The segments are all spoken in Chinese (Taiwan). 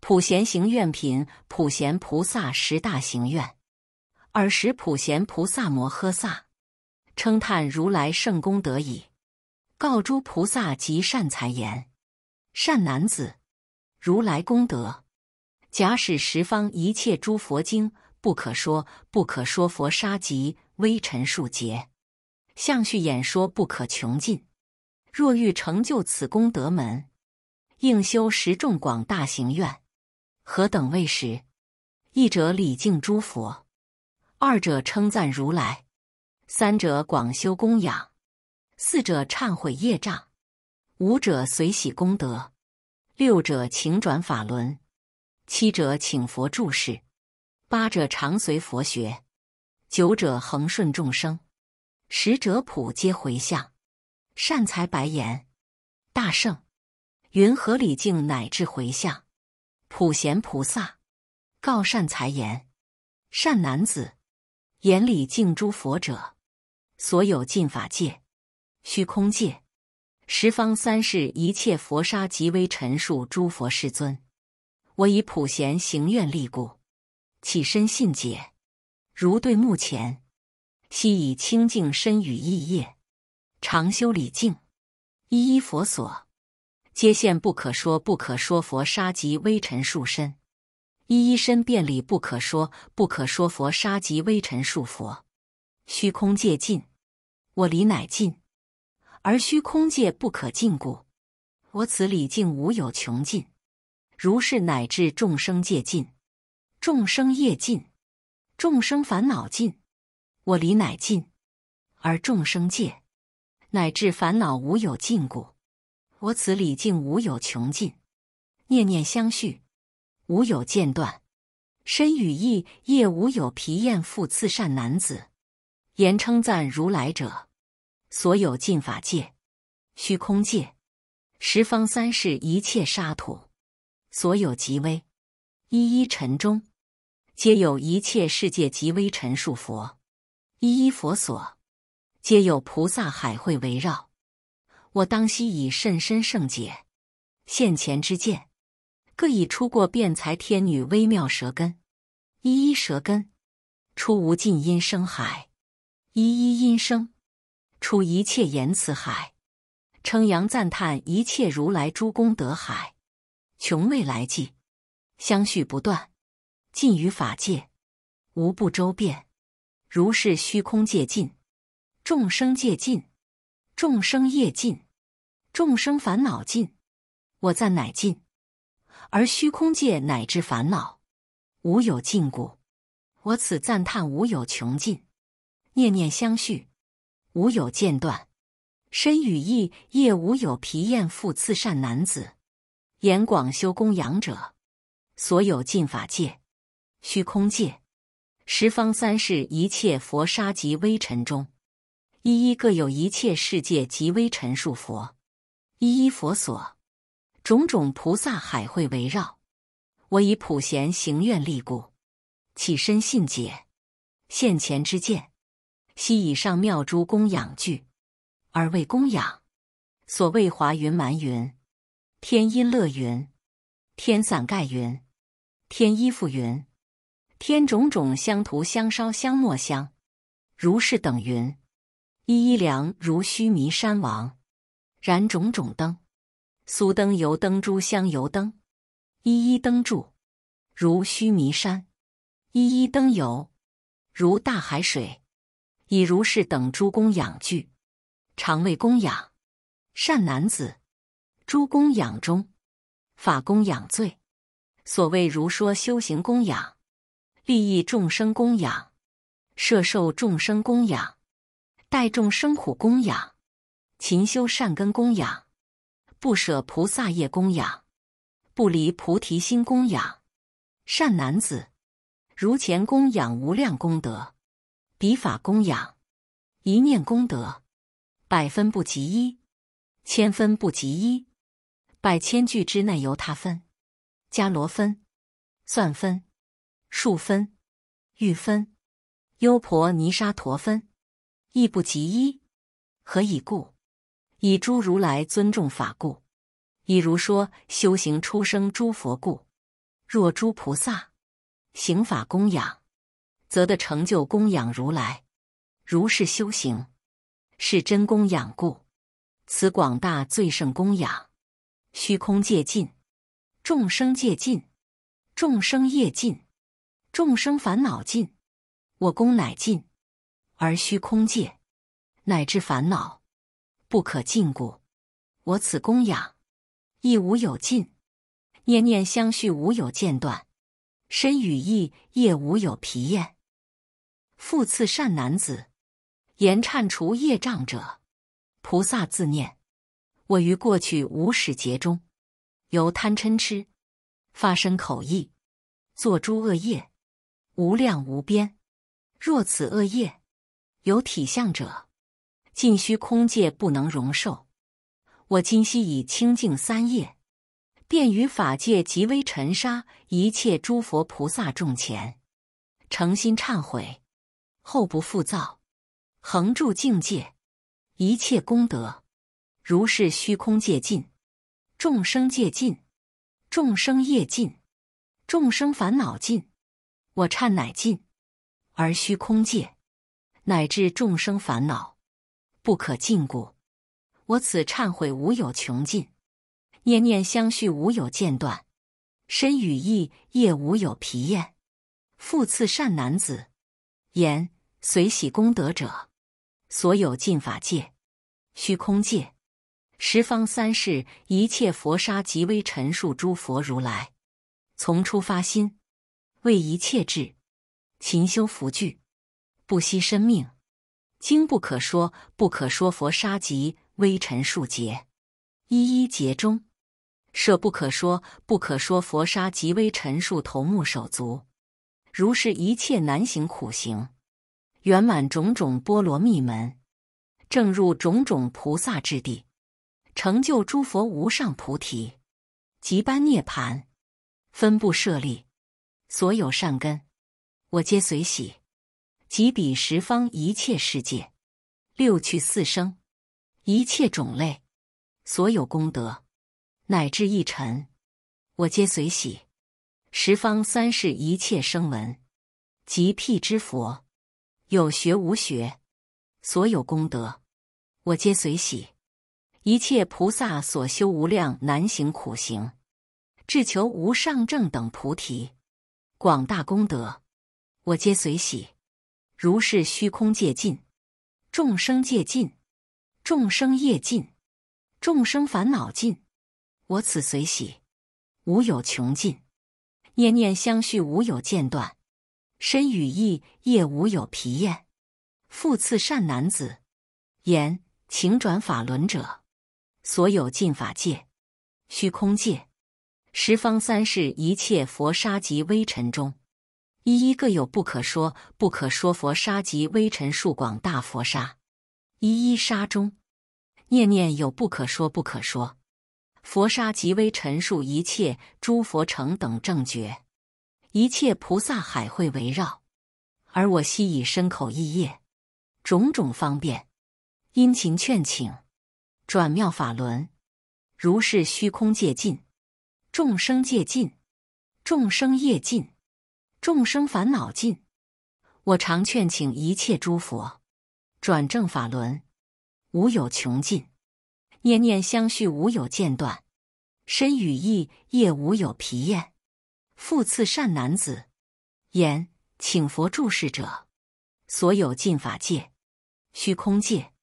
普賢行願品，普賢菩薩十大行願。爾時普賢菩薩摩訶薩，稱歎如來勝功德已，告諸菩薩及善財言：“善男子，如來功德，假使十方一切諸佛經不可說不可說佛剎極微塵數劫，相續演說不可窮盡。若欲成就此功德門，應修十種廣大行願。”何等為十？一者禮敬諸佛，二者稱讚如來，三者廣修供養，四者懺悔業障，五者隨喜功德，六者請轉法輪，七者請佛住世，八者常隨佛學，九者恆順眾生，十者普皆回向。善財白言：“大聖，云何禮敬乃至回向？”普賢菩薩告善財言：“善男子，言禮敬諸佛者，所有盡法界、虛空界、十方三世一切佛剎，極微塵數諸佛世尊。我以普賢行願力故，起深信解，如對目前，悉以清淨身語意業，常修禮敬，一一佛所。”皆現不可說，不可說佛剎極微塵數身，一一身遍禮不可說，不可說佛剎極微塵數佛。虛空界盡，我禮乃盡；而虛空界不可盡故，我此禮敬無有窮盡。如是乃至眾生界盡，眾生業盡，眾生煩惱盡，我禮乃盡；而眾生界乃至煩惱無有盡故。我此禮敬無有窮盡，念念相續，無有間斷。身語意業無有疲厭。復次善男子，言稱讚如來者，所有盡法界、虛空界、十方三世一切剎土，所有極微一一塵中，皆有一切世界極微塵數佛，一一佛所，皆有菩薩海會圍繞。我當悉以甚深勝解，現前知見，各以出過辯才天女微妙舌根，一一舌根出無盡音聲海，一一音聲出一切言辭海，稱揚讚歎一切如來諸功德海，窮未來際，相續不斷，盡於法界，無不周遍。如是虛空界盡，眾生界盡，眾生業盡。眾生煩惱盡，我讚乃盡；而虛空界乃至煩惱，無有盡故，我此讚歎無有窮盡。念念相續，無有間斷。身語意業無有疲厭，復次善男子，言廣修供養者，所有盡法界、虛空界、十方三世一切佛剎極微塵中，一一各有一切世界極微塵數佛。一一佛所，種種菩薩海會圍繞。我以普賢行願力故，起深信解，現前知見：悉以上妙諸供養具，而為供養；所謂華雲、鬘雲、天音樂雲、天傘蓋雲、天衣服雲、天種種香塗香燒香末香，如是等雲，一一量如須彌山王。燃種種燈，酥燈油燈，諸香油燈，一一燈炷，如須彌山；一一燈油，如大海水。以如是等諸供養具，常為供養。善男子。諸供養中，法供養最。所謂如說修行供養，利益眾生供養，攝受眾生供養，代眾生苦供養。勤修善根供養，不捨菩薩業供養，不離菩提心供養，善男子，如前供養無量功德，比法供養，一念功德，百分不及一，千分不及一，百千俱胝那由他分，迦羅分，算分，數分，諭分，優婆尼沙陀分，亦不及一，何以故？以諸如來尊重法故，以如說修行出生諸佛故。若諸菩薩行法供養，則得成就供養如來。如是修行，是真供養故。此廣大最勝供養，虛空界盡，眾生界盡，眾生業盡，眾生煩惱盡，我供乃盡，而虛空界乃至煩惱，不可盡故，我此供養亦無有盡，念念相續無有間斷，身語意業無有疲厭。復次善男子，言懺除業障者，菩薩自念：我於過去無始劫中，由貪嗔癡發身口意，作諸惡業，無量無邊。若此惡業有體相者，盡虛空界不能容受，我今悉以清淨三業，遍於法界極微塵剎一切諸佛菩薩眾前，誠心懺悔，後不復造，恆住淨戒，一切功德，如是虛空界盡，眾生界盡，眾生業盡，眾生煩惱盡，我懺乃盡，而虛空界乃至眾生煩惱。不可盡故，我此懺悔無有窮盡，念念相續無有間斷，身語意業無有疲厭。復次善男子，言隨喜功德者，所有盡法界、虛空界、十方三世一切佛剎極微塵數諸佛如來，從初發心為一切智，勤修福聚，不惜身命。經不可說，不可說佛剎極微塵數劫，一一劫中，捨不可說，不可說佛剎極微塵數頭目手足，如是一切難行苦行，圓滿種種波羅蜜門，證入種種菩薩智地，成就諸佛無上菩提，及般涅槃，分布舍利，所有善根，我皆隨喜。及彼十方一切世界，六趣四生一切種類，所有功德乃至一塵，我皆隨喜；十方三世一切聲聞及辟支佛，有學無學，所有功德我皆隨喜；一切菩薩所修無量難行苦行，志求無上正等菩提廣大功德，我皆隨喜。如是虛空界盡，眾生界盡，眾生業盡，眾生煩惱盡。我此隨喜，無有窮盡，念念相續，無有間斷。身語意業無有疲厭。復次善男子，言請轉法輪者，所有盡法界、虛空界、十方三世一切佛剎極微塵中。一一各有不可說，不可說佛剎極微塵數廣大佛剎，一一剎中，念念有不可說不可說佛剎極微塵數一切諸佛成等正覺，一切菩薩海會圍繞，而我悉以身口意業種種方便，殷勤勸請，轉妙法輪，如是虛空界盡，眾生界盡，眾生業盡。眾生煩惱盡，我常勸請一切諸佛轉正法輪，無有窮盡；念念相續，無有間斷；身語意業無有疲厭。復次善男子，言請佛住世者，所有盡法界、虛空界、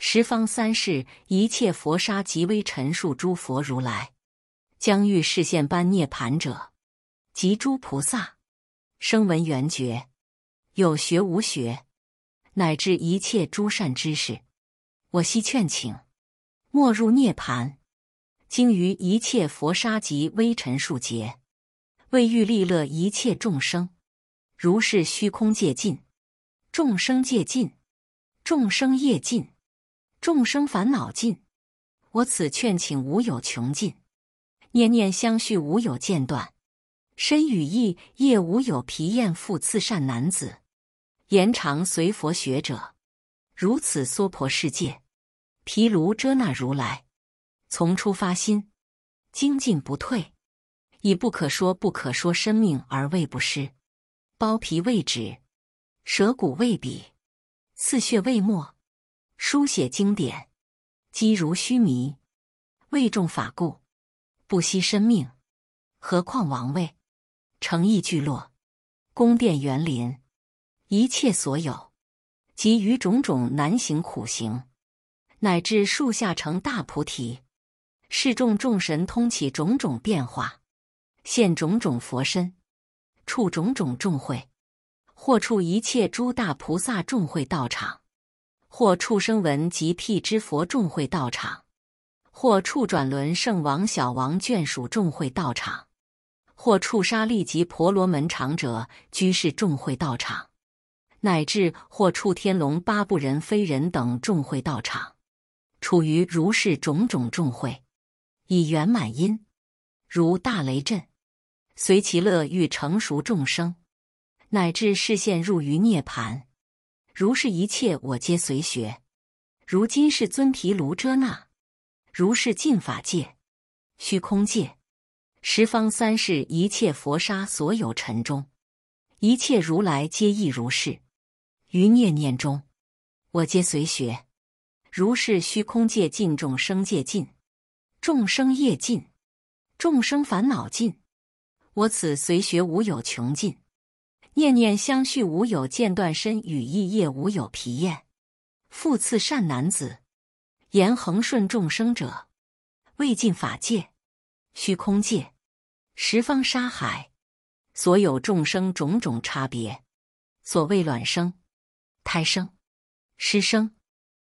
十方三世一切佛剎極微塵數諸佛如來，將欲示現般涅槃者，及諸菩薩。聲聞緣覺，有學無學，乃至一切諸善知識，我悉勸請，莫入涅槃。經於一切佛剎極微塵數劫，為欲利樂一切眾生，如是虛空界盡，眾生界盡，眾生業盡，眾生煩惱盡。我此勸請無有窮盡，念念相續無有間斷。身語意業無有疲厭，復次善男子，言常隨佛學者，如此娑婆世界，毘盧遮那如來，從初發心，精進不退，以不可說不可說身命而為布施，剝皮為紙，折骨為筆，刺血為墨，書寫經典，積如須彌，為重法故，不惜身命，何況王位。城邑聚落、宮殿園林，一切所有，及於種種難行苦行，乃至樹下成大菩提，示種種神通，起種種變化，現種種佛身，處種種眾會，或處一切諸大菩薩眾會道場，或處聲聞及辟支佛眾會道場，或處轉輪聖、聖王、小王眷屬眾會道場。或處剎利及婆羅門長者、居士眾會道場，乃至或觸天龍八部人、非人等眾會道場，處於如是種種眾會，以圓滿音，如大雷震，隨其樂欲成熟眾生，乃至示現入於涅槃。如是一切我皆隨學。如今世尊毘盧遮那，如是盡法界、虛空界。十方三世一切佛剎所有塵中，一切如來皆亦如是。於念念中，我皆隨學。如是虛空界盡，眾生界盡，眾生業盡，眾生煩惱盡。我此隨學無有窮盡。念念相續無有間斷身，身語意業無有疲厭。復次善男子，言恆順眾生者，未盡法界。虛空界，十方剎海，所有眾生種種差別。所謂卵生、胎生、濕生、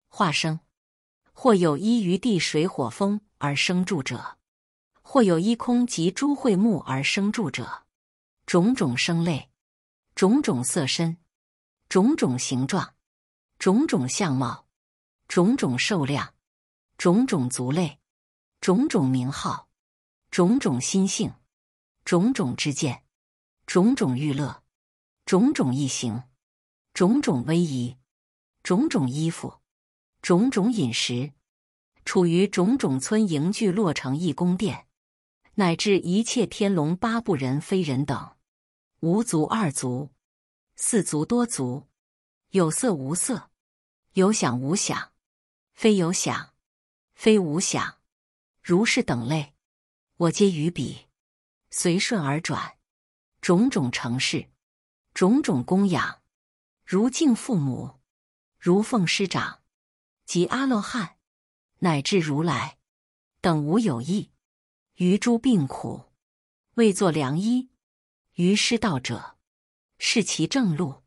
化生，或有依於地、水、火、風而生住者，或有依空及諸卉木而生住者。種種生類，種種色身，種種形狀，種種相貌，種種壽量，種種族類，種種名號。種種心性，種種知見，種種欲樂，種種意行，種種威儀，種種衣服，種種飲食，處於種種村營聚落城邑宮殿，乃至一切天龍八部人非人等，無足二足，四足多足，有色無色，有想無想，非有想，非無想，如是等類。我皆於彼隨順而轉，種種承事，種種供養，如敬父母，如奉師長，及阿羅漢，乃至如來等無有異。於諸病苦，為作良醫；於失道者，示其正路；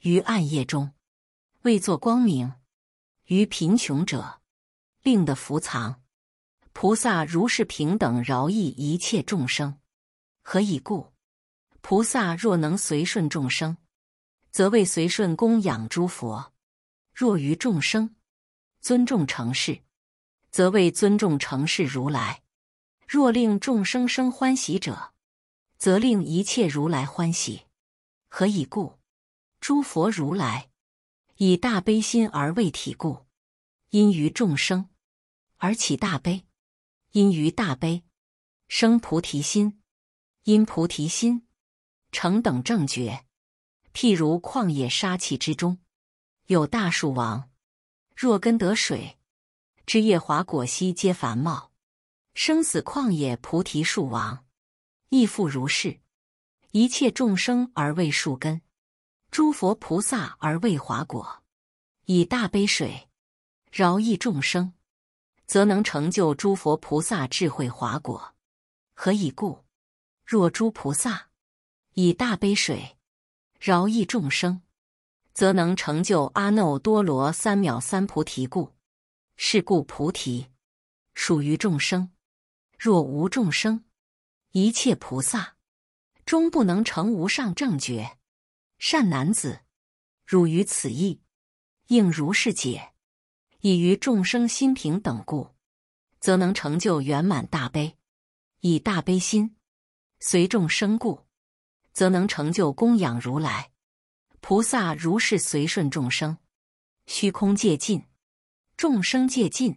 於暗夜中，為作光明；於貧窮者，令得伏藏。菩薩如是平等饒益一切眾生，何以故？菩薩若能隨順眾生，則為隨順供養諸佛；若於眾生尊重承事，則為尊重承事如來；若令眾生生歡喜者，則令一切如來歡喜。何以故？諸佛如來以大悲心而為體故，因於眾生而起大悲。因於大悲生菩提心，因菩提心成等正覺。譬如曠野沙磧之中，有大樹王，若根得水，枝葉華果悉皆繁茂。生死曠野菩提樹王亦復如是。一切眾生而為樹根，諸佛菩薩而為華果，以大悲水饒益眾生。則能成就諸佛菩薩智慧華果。何以故？若諸菩薩以大悲水饒益眾生，則能成就阿耨多羅三藐三菩提故。是故菩提屬於眾生。若無眾生，一切菩薩終不能成無上正覺。善男子，汝於此義，應如是解。以於眾生心平等故，則能成就圓滿大悲；以大悲心隨眾生故，則能成就供養如來。菩薩如是隨順眾生，虛空界盡，眾生界盡，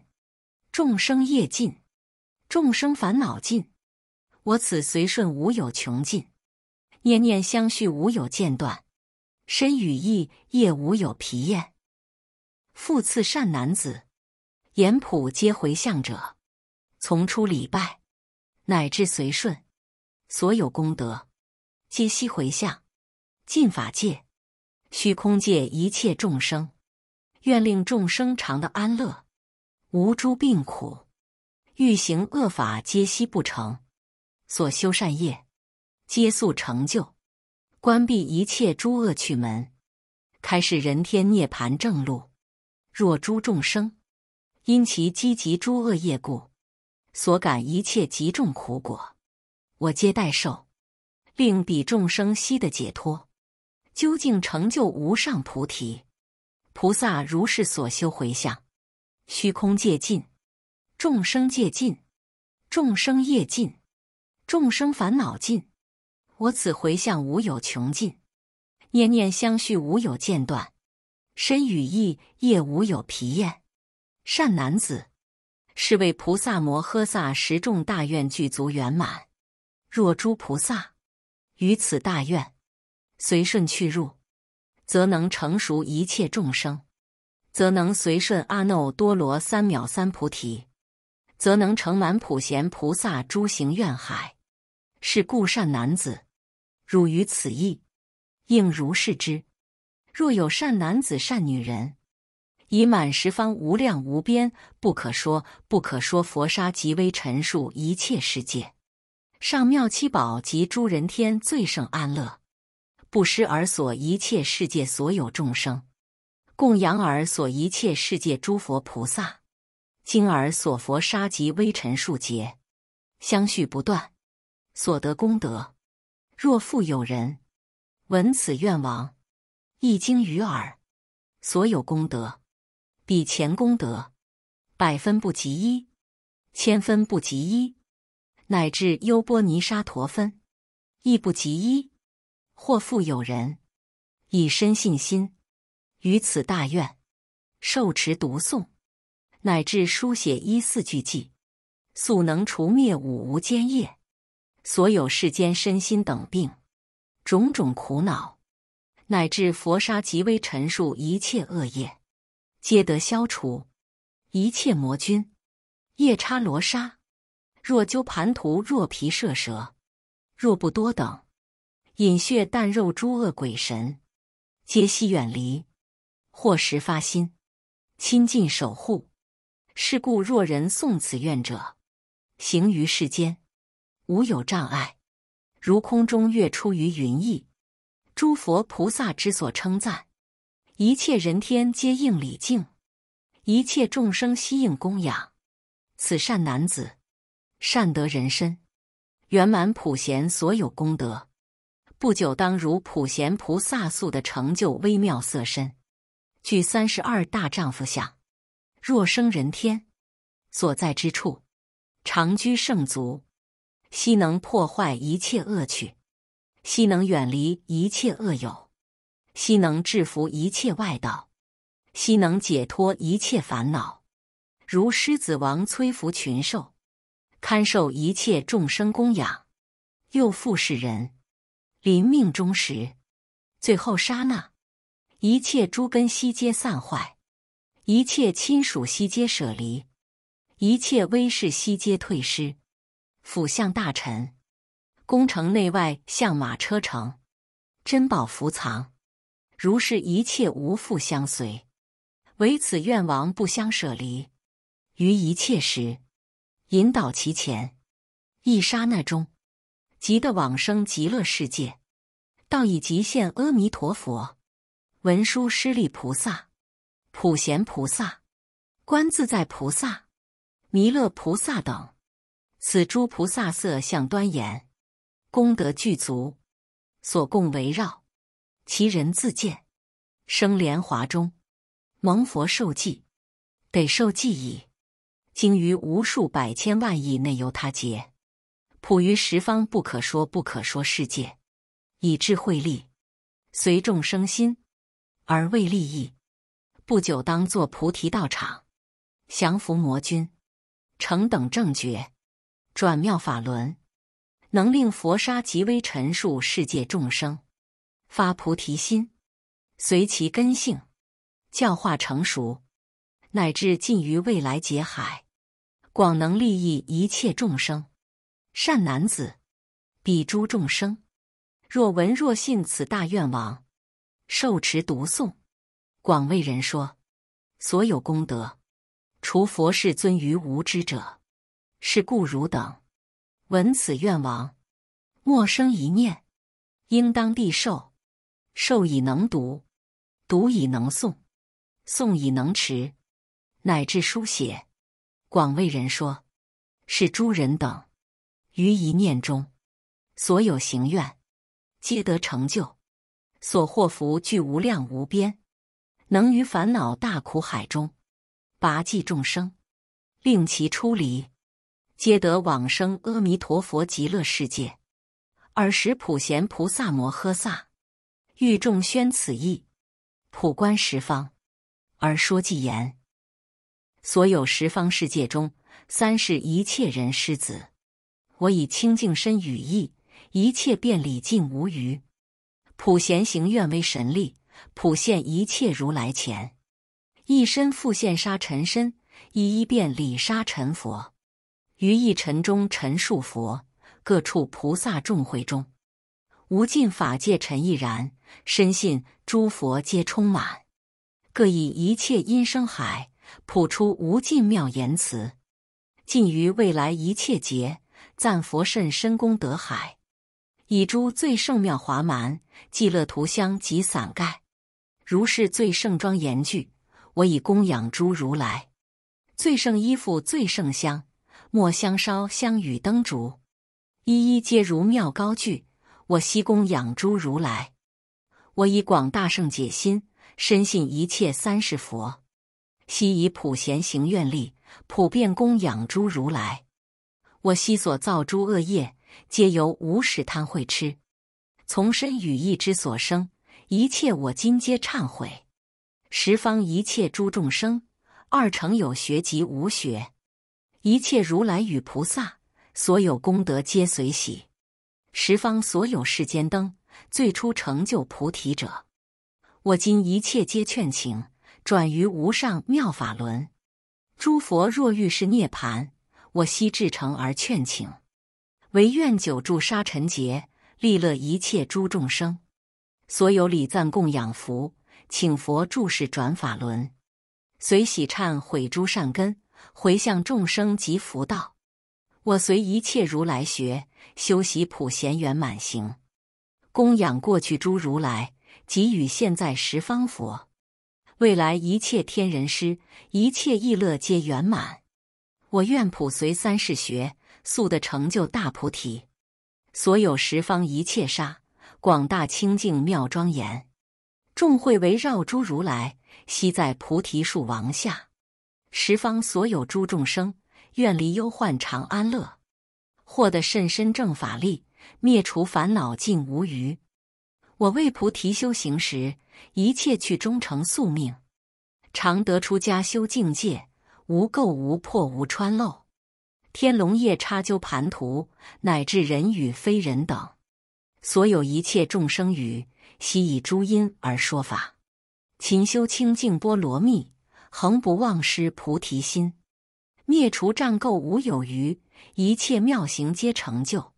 眾生業盡，眾生煩惱盡。我此隨順無有窮盡，念念相續無有間斷，身語意業無有疲厭。復次善男子，言普皆迴向者，從初禮拜，乃至隨順，所有功德，皆悉迴向，盡法界，虛空界一切眾生，願令眾生常得安樂，無諸病苦，欲行惡法，皆悉不成，所修善業，皆速成就，關閉一切諸惡趣門，開示人天涅槃正路。若諸眾生，因其積集諸惡業故，所感一切極重苦果，我皆代受，令彼眾生悉得解脫，究竟成就無上菩提。菩薩如是所修迴向，虛空界盡，眾生界盡，眾生業盡，眾生煩惱盡，我此迴向無有窮盡，念念相續無有間斷。身語意業無有疲厭，善男子，是為菩薩摩訶薩十種大願具足圓滿。若諸菩薩於此大願隨順去入，則能成熟一切眾生，則能隨順阿耨多羅三藐三菩提，則能成滿普賢菩薩諸行願海。是故善男子，汝於此意應如是之。若有善男子、善女人，以滿十方無量無邊不可說不可說佛剎極微塵數一切世界，上妙七寶及諸人天最勝安樂，布施而所一切世界所有眾生，供養而所一切世界諸佛菩薩，經而所佛剎極微塵數劫，相續不斷，所得功德，若復有人，聞此願王。一經於耳，所有功德，比前功德，百分不及一，千分不及一，乃至優波尼沙陀分，亦不及一。或復有人，以深信心於此大願，受持讀誦，乃至書寫一四句偈，速能除滅五無間業，所有世間身心等病，種種苦惱。乃至佛剎極微塵數一切惡業，皆得消除；一切魔軍，夜叉、羅剎，若鳩盤荼、若毗舍闍，若不多等，飲血啖肉諸惡鬼神，皆悉遠離。或時發心，親近守護。是故若人誦此願者，行於世間，無有障礙，如空中月出於雲翳。諸佛菩薩之所稱讚，一切人天皆應禮敬，一切眾生悉應供養。此善男子，善得人身，圓滿普賢所有功德。不久當如普賢菩薩速得成就微妙色身，具三十二大丈夫相。若生人天，所在之處，常居勝族，悉能破壞一切惡趣。悉能遠離一切惡友，悉能制服一切外道，悉能解脫一切煩惱。如獅子王摧伏群獸，堪受一切眾生供養。又復是人臨命終時，最後剎那，一切諸根悉皆散壞，一切親屬悉皆捨離，一切威勢悉皆退失，輔相大臣。宮城內外，象馬車乘，珍寶伏藏，如是一切無復相隨，唯此願王不相舍離。於一切時，引導其前，一剎那中，即得往生極樂世界，到已即見阿彌陀佛、文殊師利菩薩、普賢菩薩、觀自在菩薩、彌勒菩薩等，此諸菩薩色相端嚴。功德具足，所供圍繞，其人自見，生蓮華中，蒙佛受記，得受記矣。經於無數百千萬億內由他劫，普於十方不可說不可說世界，以智慧力，隨眾生心而為利益。不久當作菩提道場，降伏魔君，成等正覺，轉妙法輪。能令佛剎極微塵數世界眾生發菩提心，隨其根性教化成熟，乃至盡於未來劫海，廣能利益一切眾生。善男子，彼諸眾生若聞若信此大願王，受持讀誦，廣為人說，所有功德，除佛世尊於無知者。是故汝等。聞此願王，莫生疑念，應當諦受。受已能讀，讀已能誦，誦已能持，乃至書寫。廣為人說，是諸人等於一念中，所有行願皆得成就，所獲福聚無量無邊，能於煩惱大苦海中拔濟眾生，令其出離。皆得往生阿彌陀佛極樂世界。爾時普賢菩薩摩訶薩欲重宣此意，普觀十方而說偈言：所有十方世界中，三世一切人師子，我以清淨身語意，一切遍禮盡無餘。普賢行願威神力，普現一切如來前，一身復現剎塵身，以一一遍禮剎塵佛。於一塵中塵數佛，各處菩薩眾會中，無盡法界塵亦然。深信諸佛皆充滿，各以一切音聲海，普出無盡妙言辭，盡於未來一切劫，讚佛甚深功德海，以諸最勝妙華鬘，伎樂、塗香及傘蓋，如是最勝莊嚴具，我以供養諸如來，最勝衣服、最勝香。末香燒香與燈燭，一一皆如妙高聚。我昔供養諸如來，我以廣大勝解心，深信一切三世佛。悉以普賢行願力，普遍供養諸如來。我昔所造諸惡業，皆由無始貪瞋痴。從身語意之所生，一切我今皆懺悔。十方一切諸眾生，二乘有學及無學。一切如來與菩薩，所有功德皆隨喜。十方所有世間燈，最初成就菩提者，我今一切皆勸請，轉於無上妙法輪。諸佛若欲示涅槃，我悉至誠而勸請，唯願久住剎塵劫，利樂一切諸眾生。所有禮讚供養福，請佛住世轉法輪，隨喜懺悔諸善根。迴向眾生及佛道，我隨一切如來學，修習普賢圓滿行，供養過去諸如來，及與現在十方佛，未來一切天人師，一切意樂皆圓滿。我願普隨三世學，速得成就大菩提。所有十方一切剎，廣大清淨妙莊嚴，眾會圍繞諸如來，悉在菩提樹王下。十方所有諸眾生，願離憂患常安樂，獲得甚深正法利，滅除煩惱盡無餘。我為菩提修行時，一切去終成宿命，常得出家修淨戒，無垢無破無穿漏。天龍夜叉鳩槃荼，乃至人與非人等，所有一切眾生語，悉以諸音而說法。勤修清淨波羅蜜。恆不忘失菩提心，滅除障垢無有餘，一切妙行皆成就，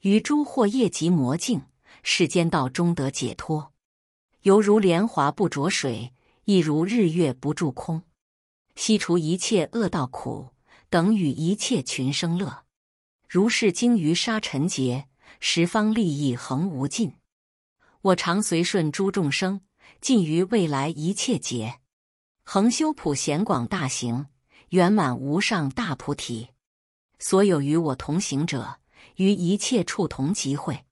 於諸惑業及魔境，世間道中得解脫。猶如蓮華不着水，亦如日月不住空，悉除一切惡道苦，等與一切群生樂。如是經於沙塵劫，十方利益恆無盡。我常隨順諸眾生，盡於未來一切劫。恆修普賢廣大行，圓滿無上大菩提。所有與我同行者，於一切處同集會，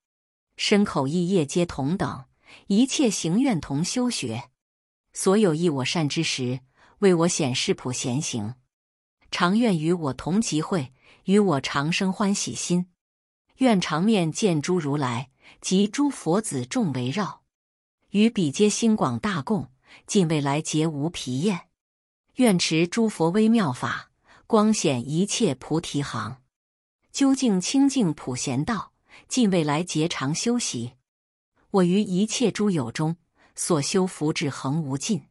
身口意業皆同等，一切行願同修學。所有益我善知識，為我顯示普賢行。常願與我同集會，於我常生歡喜心。願常面見諸如來，及諸佛子眾圍繞，於彼皆興廣大供。盡未來劫無疲厭，願持諸佛微妙法，光顯一切菩提行，究竟清淨普賢道。盡未來劫常修習，我於一切諸有中，所修福智恆無盡，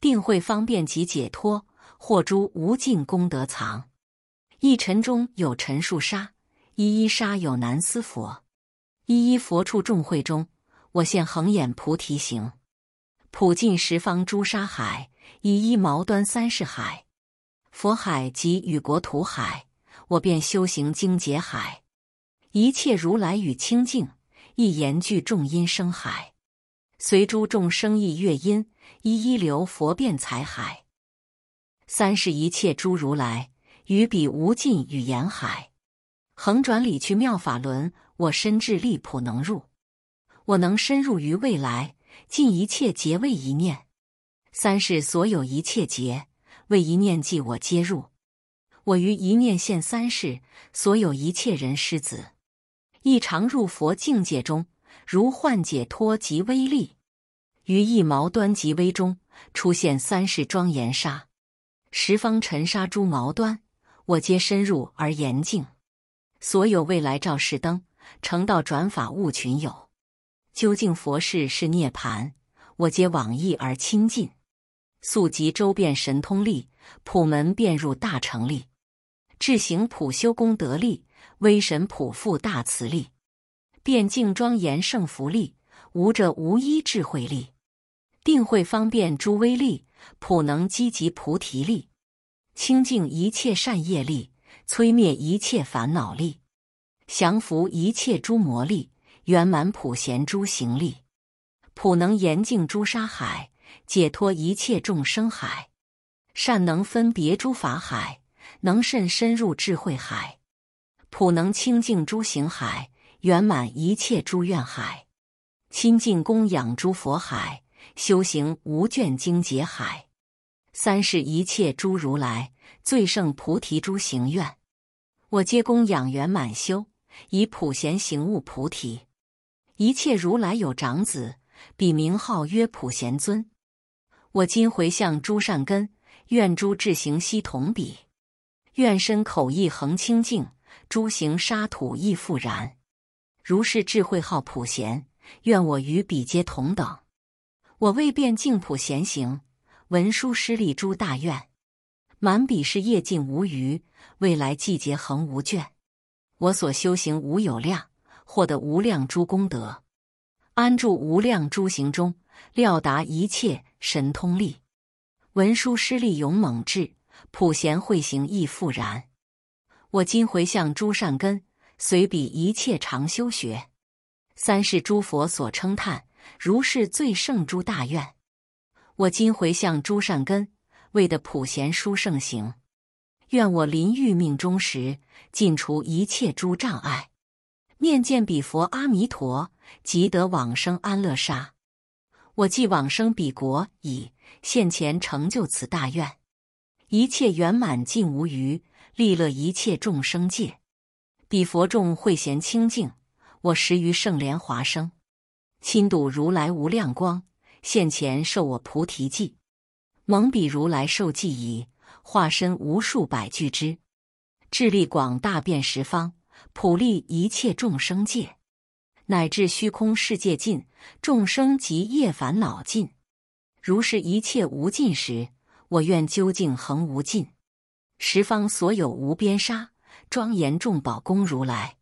定會方便及解脫，獲諸無盡功德藏。一塵中有塵數沙，一一沙有難思佛，一一佛處眾會中，我現恆眼菩提行。普盡十方諸剎海，一一毛端三世海，佛海及與國土海，我遍修行經劫海，一切如來語清淨，一言具眾音聲海，隨諸眾生意樂音，一一流佛辯才海。三世一切諸如來，於彼無盡語言海，恆轉理趣妙法輪，我深智力普能入，我能深入於未來。盡一切劫為一念，三世所有一切劫為一念，際，我皆入。我於一念現三世所有一切人師子，一常入佛境界中，如幻解脫及威力，於一毛端極微中出現三世莊嚴剎，十方塵剎諸毛端，我皆深入而嚴淨。所有未來照世燈，成道轉法悟群有。究竟佛事是涅槃，我皆往詣而親近，速疾周遍神通力，普門遍入大乘力，智行普修功德力，威神普覆大慈力，遍淨莊嚴勝福力，無着無依智慧力，定慧方便諸威力，普能積集菩提力，清淨一切善業力，摧滅一切煩惱力，降伏一切諸魔力。圓滿普賢諸行力，普能嚴淨諸剎海，解脫一切眾生海；善能分別諸法海，能甚深入智慧海。普能清淨諸行海，圓滿一切諸願海。親近供養諸佛海，修行無倦經劫海。三世一切諸如來，最勝菩提諸行願。我皆供養圓滿修，以普賢行悟菩提。一切如來有長子，彼名號曰普賢尊。我今回向諸善根，願諸智行悉同彼，願身口意恆清淨，諸行剎土亦復然。如是智慧號普賢，願我與彼皆同等。我為遍淨普賢行，文殊師利諸大願，滿彼事業盡無餘，未來際劫恆無倦。我所修行無有量。獲得無量諸功德，安住無量諸行中，了達一切神通力。文殊師利勇猛智，普賢慧行亦復然。我今回向諸善根，隨彼一切常修學。三世諸佛所稱嘆，如是最勝諸大願。我今回向諸善根，為得普賢殊勝行。願我臨欲命終時，盡除一切諸障礙。念見彼佛阿彌陀，即得往生安樂剎。我既往生彼國已，現前成就此大願，一切圓滿盡無餘，利樂一切眾生界。彼佛眾會咸清淨，我時於聖蓮華生，親睹如來無量光，現前授我菩提記，蒙彼如來授記已，化身無數百俱胝，智力廣大遍十方。普利一切眾生界，乃至虛空世界盡，眾生及業煩惱盡。如是一切無盡時，我願究竟恆無盡。十方所有無邊剎，莊嚴眾寶供如來，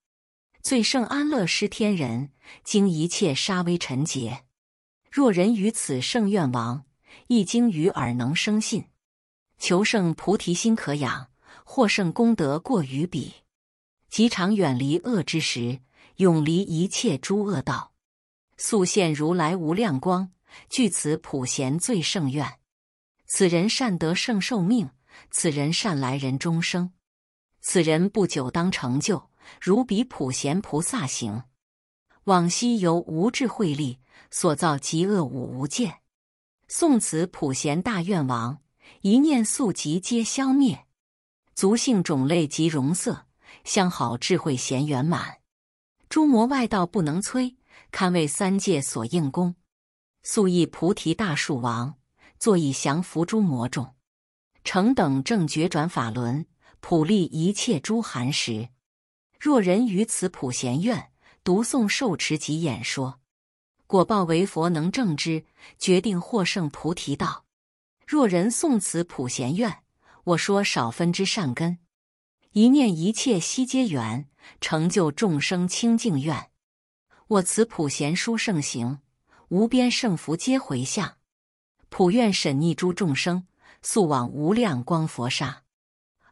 最勝安樂施天人，經一切剎微塵劫。若人於此勝願王，一經於耳能生信，求勝菩提心可養，獲勝功德過於彼。即常遠離惡之時，永離一切諸惡道，速現如來無量光。具此普賢最勝願，此人善得勝壽命，此人善來人終生，此人不久當成就，如彼普賢菩薩行。往昔由無智慧力，所造極惡五無間。誦此普賢大願王，一念速即皆消滅。族姓種類及容色。相好智慧咸圓滿，諸魔外道不能摧，堪為三界所應供。速詣菩提大樹王，坐已降伏諸魔眾。成等正覺轉法輪，普利一切諸含識。若人於此普賢願，讀誦受持及演說，果報唯佛能證知，決定獲勝菩提道。若人誦此普賢願，我說少分之善根。一念一切悉皆圓，成就眾生清淨願。我此普賢殊勝行，無邊勝福皆回向。普願沈溺諸眾生，速往無量光佛剎。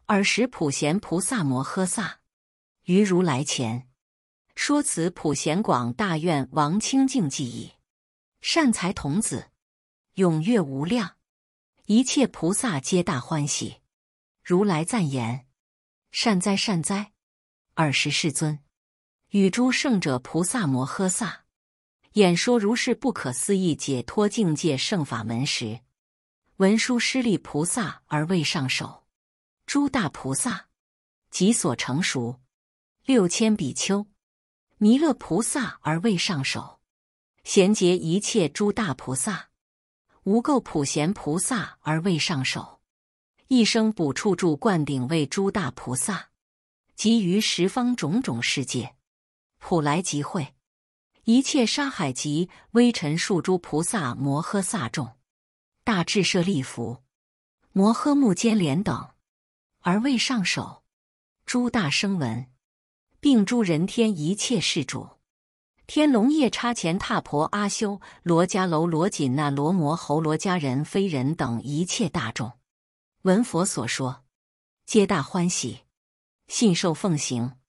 爾時普賢菩薩摩訶薩於如來前說此普賢廣大願王清淨偈已，善財童子踴躍無量，一切菩薩皆大歡喜。如來讚言。善哉善哉！爾時世尊與諸聖者菩薩摩訶薩演說如是不可思議解脫境界聖法門時，文殊師利菩薩而為上首；諸大菩薩及所成熟六千比丘彌勒菩薩而為上首；賢劫一切諸大菩薩無垢普賢菩薩而為上首。一生補處住灌頂位諸大菩薩，集於十方種種世界普來集會，一切沙海極微塵數諸菩薩摩訶薩眾，大智舍利弗、摩訶目犍連等，而為上首。諸大聲聞，并諸人天一切世主，天龍夜叉乾闥婆阿修羅家樓羅緊那羅摩侯羅伽人非人等一切大眾。聞佛所說，皆大歡喜，信受奉行。